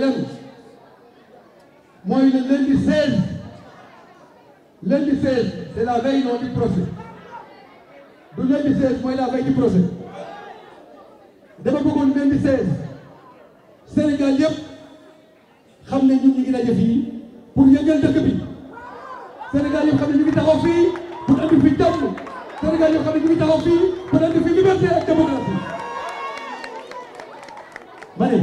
élèves mooy le lundi 16 lundi 16 c'est la veille non du procès du lundi 16 mooy la veille du procès dama le lundi 16 Sénégal yëpp xam ne ñun ñu ngi daje fii pour yëngal dëkk bi Sénégal yëpp xam ne ñu ngi taxaw fii pour andi fi jàmm Sénégal yëpp xam ne ñu ngi taxaw fii pour andi fi liberté la démocratie Allez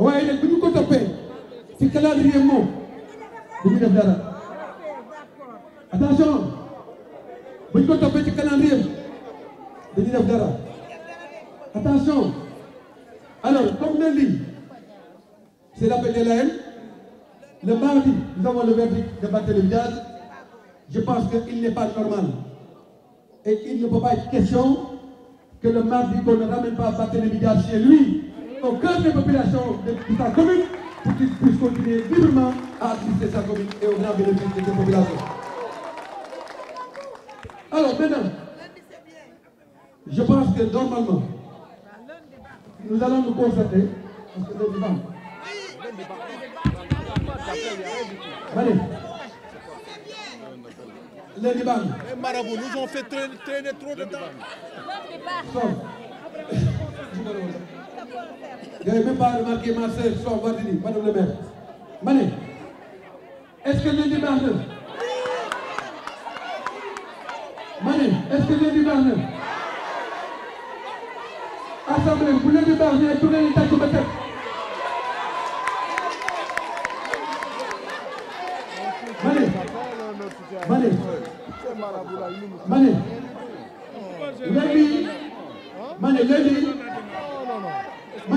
Ouais, venu bu ko ci calendrier moom dara attention Vous ñu ko calendrier de dara attention alors comme dit, c'est l'appel de la haine le mardi nous avons le verdict de le je pense qu'il n'est pas normal et il ne peut pas être question que le mardi qu'on ne ramène pas le chez lui quand les populations de, sa commune pour qu'ils puissent continuer librement à assister sa commune et au grand bénéfice de ses populations. Alors maintenant, je pense que normalement, nous allons nous concerter, parce que c'est Allez. Les Liban. Les eh, marabouts nous ont fait traîner, traîner trop de temps. Je n'ai même pas remarqué ma soeur Sorbardini, madame le maire. Mané, est-ce que j'ai dit Mané, est-ce que j'ai dit ma Assemblée, vous voulez débarquer et tourner les de tête Mané, Mané, Mané, Mané,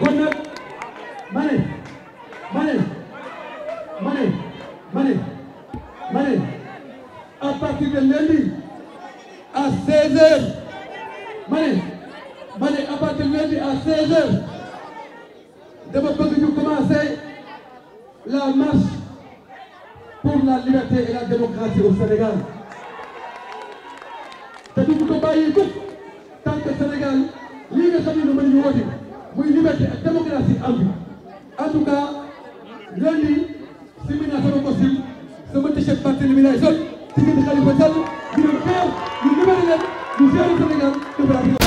kon nag ma ne ma ne de lundi à 16h ma ne de lundi à 16h ñu commencer la marche pour la liberté et la démocratie au Sénégal te du ko bàyyi tant que Sénégal lii nga xam ne lu mel muy liberté ak démocratie am en tout cas lundi simi naa sama costume sama t-shirt Barthélémy lay sol ci biir Khalifa Sall ñu dem xeex ñu libéré leen ñu gérer Sénégal